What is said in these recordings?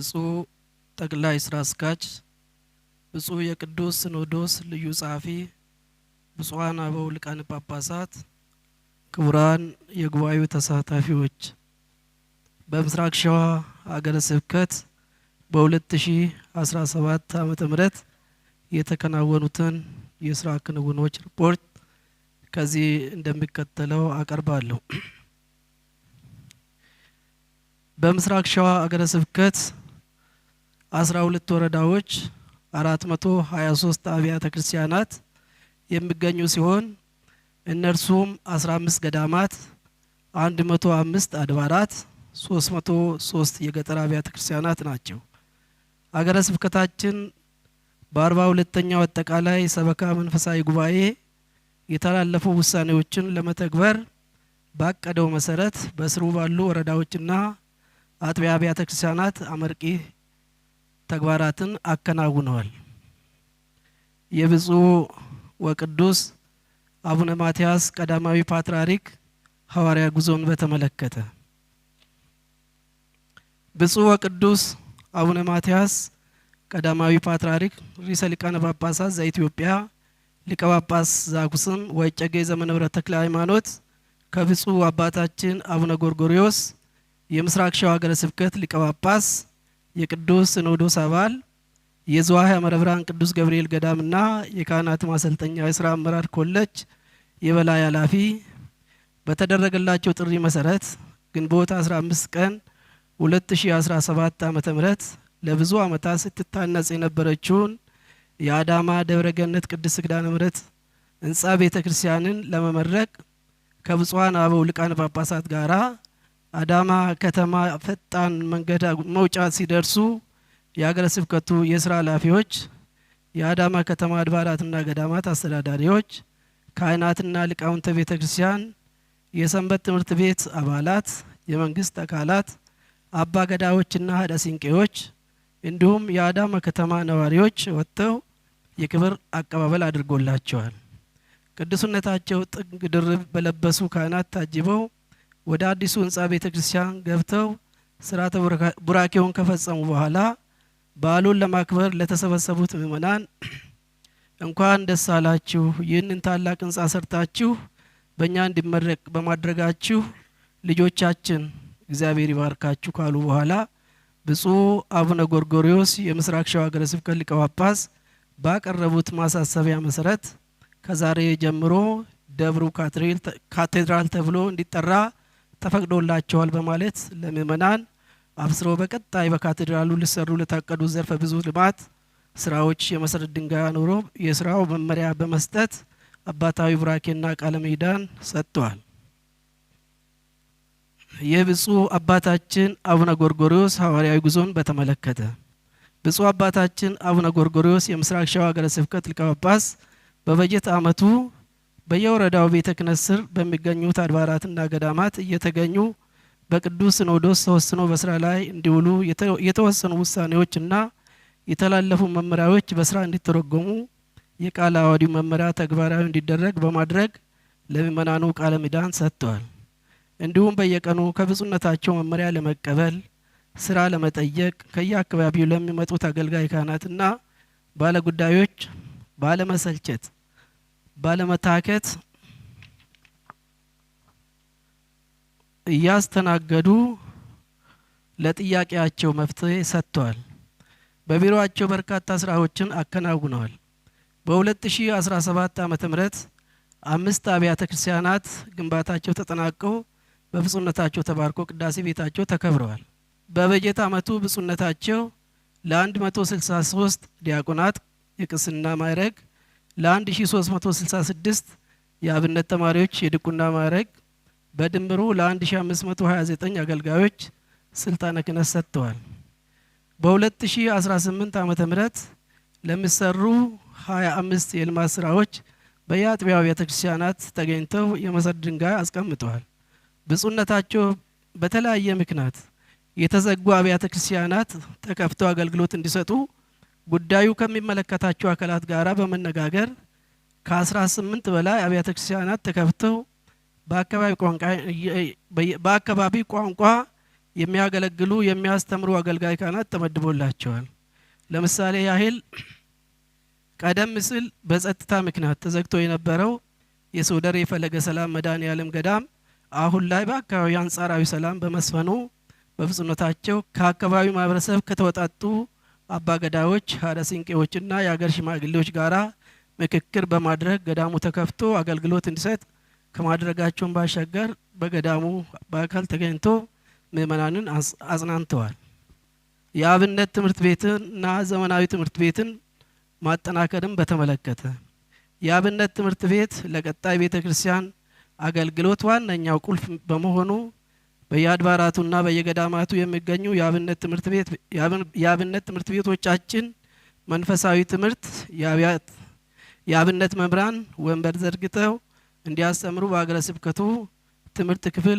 ብፁዕ ጠቅላይ ስራ አስኪያጅ፣ ብፁዕ የቅዱስ ሲኖዶስ ልዩ ጸሐፊ፣ ብፁዓን አበው ሊቃነ ጳጳሳት፣ ክቡራን የጉባኤው ተሳታፊዎች በምስራቅ ሸዋ ሀገረ ስብከት በ2017 ዓ ም የተከናወኑትን የስራ ክንውኖች ሪፖርት ከዚህ እንደሚከተለው አቀርባለሁ። በምስራቅ ሸዋ አገረ ስብከት አስራ ሁለት ወረዳዎች አራት መቶ ሀያ ሶስት አብያተ ክርስቲያናት የሚገኙ ሲሆን እነርሱም አስራ አምስት ገዳማት፣ አንድ መቶ አምስት አድባራት፣ ሶስት መቶ ሶስት የገጠር አብያተ ክርስቲያናት ናቸው። ሀገረ ስብከታችን በአርባ ሁለተኛው አጠቃላይ ሰበካ መንፈሳዊ ጉባኤ የተላለፉ ውሳኔዎችን ለመተግበር ባቀደው መሰረት በስሩ ባሉ ወረዳዎችና አጥቢያ አብያተ ክርስቲያናት አመርቂ ተግባራትን አከናውነዋል። የብፁዕ ወቅዱስ አቡነ ማትያስ ቀዳማዊ ፓትርያርክ ሐዋርያ ጉዞን በተመለከተ ብፁዕ ወቅዱስ አቡነ ማትያስ ቀዳማዊ ፓትርያርክ ርዕሰ ሊቃነ ጳጳሳት ዘኢትዮጵያ ሊቀ ጳጳስ ዘአክሱም ወእጨጌ ዘመንበረ ተክለ ሃይማኖት ከብፁዕ አባታችን አቡነ ጎርጎሪዮስ የምስራቅ ሸዋ ሀገረ ስብከት ሊቀ ጳጳስ የቅዱስ ሲኖዶስ አባል የዝዋይ ሐመረ ብርሃን ቅዱስ ገብርኤል ገዳምና የካህናት ማሰልጠኛ የስራ አመራር ኮሌጅ የበላይ ኃላፊ በተደረገላቸው ጥሪ መሰረት ግንቦት 15 ቀን 2017 ዓ.ም ለብዙ ዓመታት ስትታነጽ የነበረችውን የአዳማ ደብረገነት ቅድስት ኪዳነ ምሕረት ህንጻ ቤተ ክርስቲያንን ለመመረቅ ከብፁዓን አበው ሊቃነ ጳጳሳት ጋራ አዳማ ከተማ ፈጣን መንገድ መውጫ ሲደርሱ የሀገረ ስብከቱ የስራ ኃላፊዎች፣ የአዳማ ከተማ አድባራትና ገዳማት አስተዳዳሪዎች፣ ካህናትና ሊቃውንተ ቤተ ክርስቲያን፣ የሰንበት ትምህርት ቤት አባላት፣ የመንግስት አካላት፣ አባ ገዳዎችና ሀደ ሲንቄዎች እንዲሁም የአዳማ ከተማ ነዋሪዎች ወጥተው የክብር አቀባበል አድርጎላቸዋል። ቅዱስነታቸው ጥግ ድርብ በለበሱ ካህናት ታጅበው ወደ አዲሱ ህንፃ ቤተ ክርስቲያን ገብተው ስርዓተ ቡራኬውን ከፈጸሙ በኋላ በዓሉን ለማክበር ለተሰበሰቡት ምእመናን እንኳን ደስ አላችሁ፣ ይህንን ታላቅ ህንፃ ሰርታችሁ በእኛ እንዲመረቅ በማድረጋችሁ ልጆቻችን እግዚአብሔር ይባርካችሁ ካሉ በኋላ ብፁዕ አቡነ ጎርጎሪዎስ የምስራቅ ሸዋ ሀገረ ስብከት ሊቀ ጳጳስ ባቀረቡት ማሳሰቢያ መሰረት ከዛሬ ጀምሮ ደብሩ ካቴድራል ተብሎ እንዲጠራ ተፈቅዶላቸዋል በማለት ለምእመናን አብስረው በቀጣይ በካቴድራሉ ሊሰሩ ለታቀዱ ዘርፈ ብዙ ልማት ስራዎች የመሰረት ድንጋይ አኑሮ የስራው መመሪያ በመስጠት አባታዊ ቡራኬና ቃለ ምዕዳን ሰጥተዋል። የብፁዕ አባታችን አቡነ ጎርጎሪዎስ ሐዋርያዊ ጉዞን በተመለከተ ብፁዕ አባታችን አቡነ ጎርጎሪዎስ የምስራቅ ሸዋ ሀገረ ስብከት ሊቀ ጳጳስ በበጀት ዓመቱ በየወረዳው ቤተ ክህነት ስር በሚገኙት አድባራትና ገዳማት እየተገኙ በቅዱስ ሲኖዶስ ተወስኖ በስራ ላይ እንዲውሉ የተወሰኑ ውሳኔዎችና የተላለፉ መመሪያዎች በስራ እንዲተረጎሙ የቃለ ዓዋዲው መመሪያ ተግባራዊ እንዲደረግ በማድረግ ለምእመናኑ ቃለ ምዕዳን ሰጥተዋል። እንዲሁም በየቀኑ ከብፁዕነታቸው መመሪያ ለመቀበል ስራ ለመጠየቅ ከየአካባቢው ለሚመጡት አገልጋይ ካህናትና ባለጉዳዮች ባለመሰልቸት ባለመታከት እያስተናገዱ ለጥያቄያቸው መፍትሄ ሰጥተዋል። በቢሮአቸው በርካታ ስራዎችን አከናውነዋል። በ2017 ዓ ም አምስት አብያተ ክርስቲያናት ግንባታቸው ተጠናቀው በብፁዕነታቸው ተባርኮ ቅዳሴ ቤታቸው ተከብረዋል። በበጀት ዓመቱ ብፁዕነታቸው ለ163 ዲያቆናት የቅስና ማዕረግ ለ1366 የአብነት ተማሪዎች የድቁና ማዕረግ በድምሩ ለ1529 አገልጋዮች ስልጣነ ክህነት ሰጥተዋል። በ2018 ዓ ም ለሚሰሩ 25 የልማት ስራዎች በየአጥቢያው ክርስቲያናት ተገኝተው የመሰረት ድንጋይ አስቀምጠዋል። ብፁዕነታቸው በተለያየ ምክንያት የተዘጉ አብያተ ክርስቲያናት ተከፍተው አገልግሎት እንዲሰጡ ጉዳዩ ከሚመለከታቸው አካላት ጋር በመነጋገር ከ18 በላይ አብያተ ክርስቲያናት ተከፍተው በአካባቢ ቋንቋ የሚያገለግሉ የሚያስተምሩ አገልጋይ ካህናት ተመድቦላቸዋል። ለምሳሌ ያህል ቀደም ሲል በጸጥታ ምክንያት ተዘግቶ የነበረው የሶደር የፈለገ ሰላም መድኃኔዓለም ገዳም አሁን ላይ በአካባቢው አንጻራዊ ሰላም በመስፈኑ በፍጹምነታቸው ከአካባቢው ማህበረሰብ ከተወጣጡ አባገዳዮች ሀረሲንቄዎችና የአገር ሽማግሌዎች ጋራ ምክክር በማድረግ ገዳሙ ተከፍቶ አገልግሎት እንዲሰጥ ከማድረጋቸውን ባሻገር በገዳሙ በአካል ተገኝቶ ምእመናንን አጽናንተዋል። የአብነት ትምህርት ቤትና ዘመናዊ ትምህርት ቤትን ማጠናከርም በተመለከተ የአብነት ትምህርት ቤት ለቀጣይ ቤተ ክርስቲያን አገልግሎት ዋነኛው ቁልፍ በመሆኑ በየአድባራቱና በየገዳማቱ የሚገኙ የአብነት ትምህርት ቤት የአብነት ትምህርት ቤቶቻችን መንፈሳዊ ትምህርት የአብነት መምህራን ወንበር ዘርግተው እንዲያስተምሩ በአገረ ስብከቱ ትምህርት ክፍል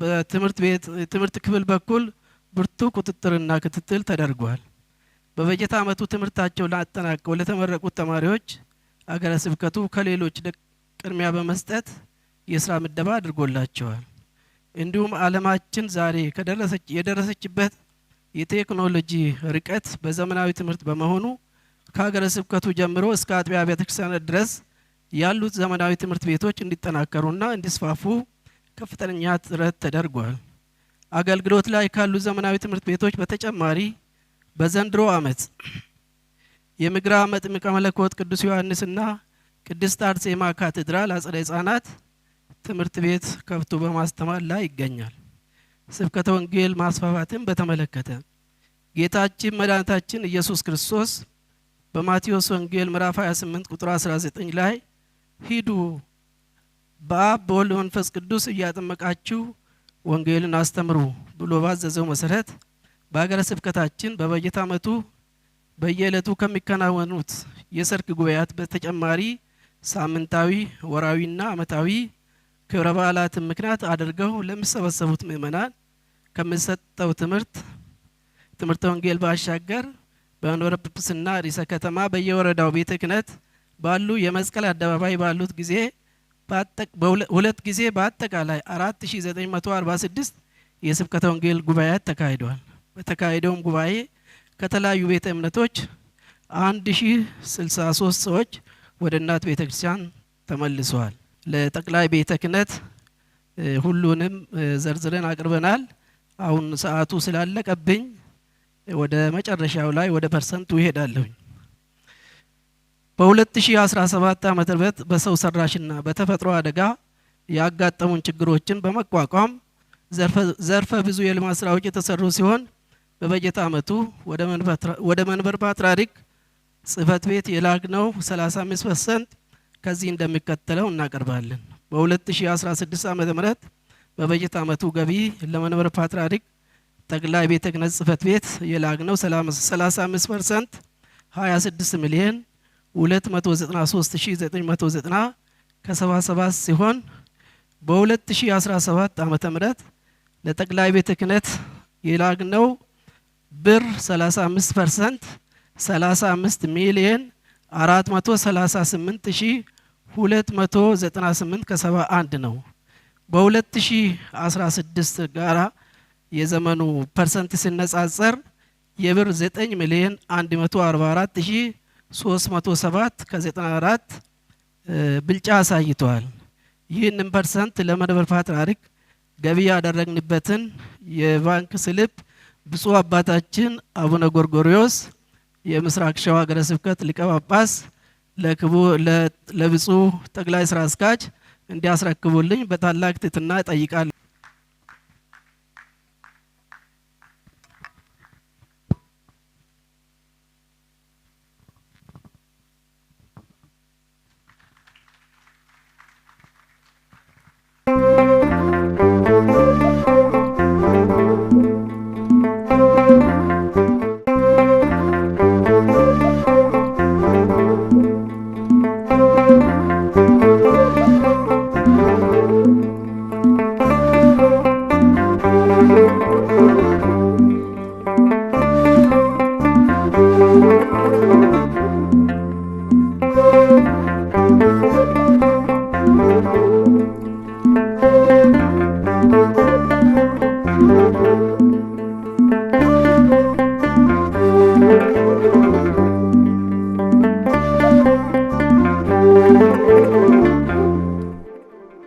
በትምህርት ቤት ትምህርት ክፍል በኩል ብርቱ ቁጥጥርና ክትትል ተደርጓል። በበጀት ዓመቱ ትምህርታቸውን አጠናቀው ለተመረቁት ተማሪዎች አገረ ስብከቱ ከሌሎች ቅድሚያ በመስጠት የስራ ምደባ አድርጎላቸዋል። እንዲሁም አለማችን ዛሬ የደረሰችበት የቴክኖሎጂ ርቀት በዘመናዊ ትምህርት በመሆኑ ከሀገረ ስብከቱ ጀምሮ እስከ አጥቢያ ቤተክርስቲያን ድረስ ያሉት ዘመናዊ ትምህርት ቤቶች እንዲጠናከሩና እንዲስፋፉ ከፍተኛ ጥረት ተደርጓል። አገልግሎት ላይ ካሉት ዘመናዊ ትምህርት ቤቶች በተጨማሪ በዘንድሮ ዓመት የምግራ መጥምቀ መለኮት ቅዱስ ዮሐንስና ቅድስት አርሴማ ካቴድራል አጸደ ህጻናት ትምህርት ቤት ከብቶ በማስተማር ላይ ይገኛል። ስብከተ ወንጌል ማስፋፋትን በተመለከተ ጌታችን መድኃኒታችን ኢየሱስ ክርስቶስ በማቴዎስ ወንጌል ምዕራፍ 28 ቁጥር 19 ላይ ሂዱ በአብ በወልድ መንፈስ ቅዱስ እያጠመቃችሁ ወንጌልን አስተምሩ ብሎ ባዘዘው መሰረት በሀገረ ስብከታችን በበጀት ዓመቱ በየዕለቱ ከሚከናወኑት የሰርክ ጉባኤያት በተጨማሪ ሳምንታዊ፣ ወራዊና ዓመታዊ ክብረ በዓላትን ምክንያት አድርገው ለሚሰበሰቡት ምእመናን ከምሰጠው ትምህርት ትምህርተ ወንጌል ባሻገር በመንበረ ጵጵስና ርዕሰ ከተማ በየወረዳው ቤተ ክህነት ባሉ የመስቀል አደባባይ ባሉት ጊዜ ሁለት ጊዜ በአጠቃላይ 4946 የስብከተ ወንጌል ጉባኤያት ተካሂደዋል። በተካሄደውም ጉባኤ ከተለያዩ ቤተ እምነቶች 1063 ሰዎች ወደ እናት ቤተ ክርስቲያን ተመልሰዋል። ለጠቅላይ ቤተ ክህነት ሁሉንም ዘርዝረን አቅርበናል። አሁን ሰዓቱ ስላለቀብኝ ወደ መጨረሻው ላይ ወደ ፐርሰንቱ ይሄዳለሁኝ። በ2017 ዓ.ም በሰው ሰራሽና በተፈጥሮ አደጋ ያጋጠሙን ችግሮችን በመቋቋም ዘርፈ ብዙ የልማት ስራዎች የተሰሩ ሲሆን በበጀት ዓመቱ ወደ መንበር ፓትርያርክ ጽህፈት ቤት የላክነው 35 ፐርሰንት ከዚህ እንደሚከተለው እናቀርባለን። በ2016 ዓ ም በበጀት ዓመቱ ገቢ ለመንበር ፓትርያርክ ጠቅላይ ቤተ ክህነት ጽሕፈት ቤት የላግነው 35 ፐርሰንት 26 ሚሊዮን 293990 ከ77 ሲሆን በ2017 ዓ ምህረት ለጠቅላይ ቤተ ክህነት የላግነው ብር 35 ፐርሰንት 35 ሚሊዮን አራት መቶ ሰላሳ ስምንት ሺ ሁለት መቶ ዘጠና ስምንት ከሰባ አንድ ነው። በሁለት ሺ አስራ ስድስት ጋራ የዘመኑ ፐርሰንት ሲነጻጸር የብር ዘጠኝ ሚሊዮን አንድ መቶ አርባ አራት ሺ ሶስት መቶ ሰባት ከዘጠና አራት ብልጫ አሳይተዋል። ይህንን ፐርሰንት ለመንበር ፓትርያርክ ገቢ ያደረግንበትን የባንክ ስልፕ ብፁዕ አባታችን አቡነ ጎርጎሪዎስ የምስራቅ ሸዋ ሀገረ ስብከት ሊቀ ጳጳስ ለብፁዕ ጠቅላይ ስራ አስኪያጅ እንዲያስረክቡልኝ በታላቅ ትሕትና ጠይቃለሁ።